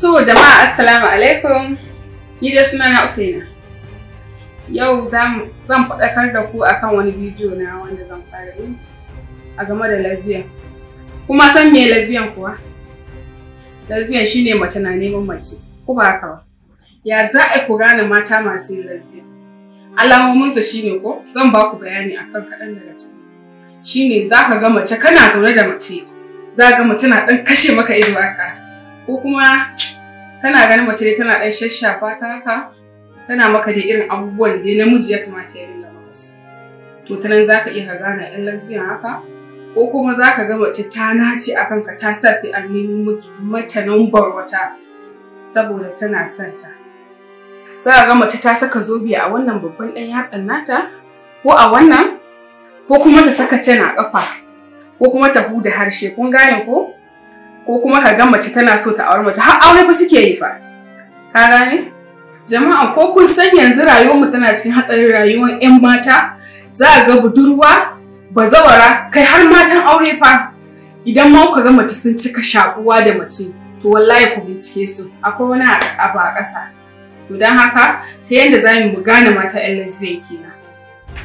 To jama'a assalamu alaikum ni dai sunana Usaina. Yau zan faɗakar da ku akan wani bidiyo na wanda zan fara yi a game da lesbian. Kuma san me lesbian kuwa? Lesbian shine mace na neman mace, ko ba haka ba? Ya za a ku gane mata masu yin lesbian? Alamomin su shine ko zan ba ku bayani akan kaɗan daga ciki. Shine za ka ga mace kana zaune da mace, za ga mace na ɗan kashe maka ido haka. ko kuma kana ganin mace dai tana ɗan shashafa ta haka tana maka da irin abubuwan da namiji ya kamata ya dinga maka su to ta nan zaka iya ka gane ɗan lesbian haka ko kuma zaka ga mace ta nace a kanka ta sa sai an nemi mata nambar wata saboda tana son ta za ga mace ta saka zobe a wannan babban ɗan yatsan nata ko a wannan ko kuma ta saka cena a ƙafa ko kuma ta huda harshe kun gane ko ko kuma ka ga mace tana so ta auri mace har aure fa suke yi fa ka gane jama'a ko kun san yanzu rayuwarmu tana cikin hatsarin rayuwar 'yan mata za ga budurwa bazawara kai har matan aure fa idan ma ku ga mace sun cika shakuwa da mace to wallahi ku bincike su akwai wani abu a ƙasa to don haka ta yadda za mu gane mata 'yan lesbian kenan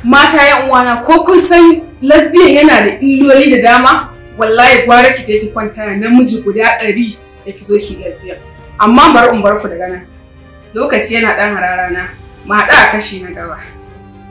mata 'yan uwana ko kun san lesbian yana da illoli da dama wallahi gwara ki je ki kwanta na namiji guda ɗari da ki zo ki lesbian amma bar in bar ku daga nan lokaci yana ɗan hararana ma haɗa a kashi na gaba.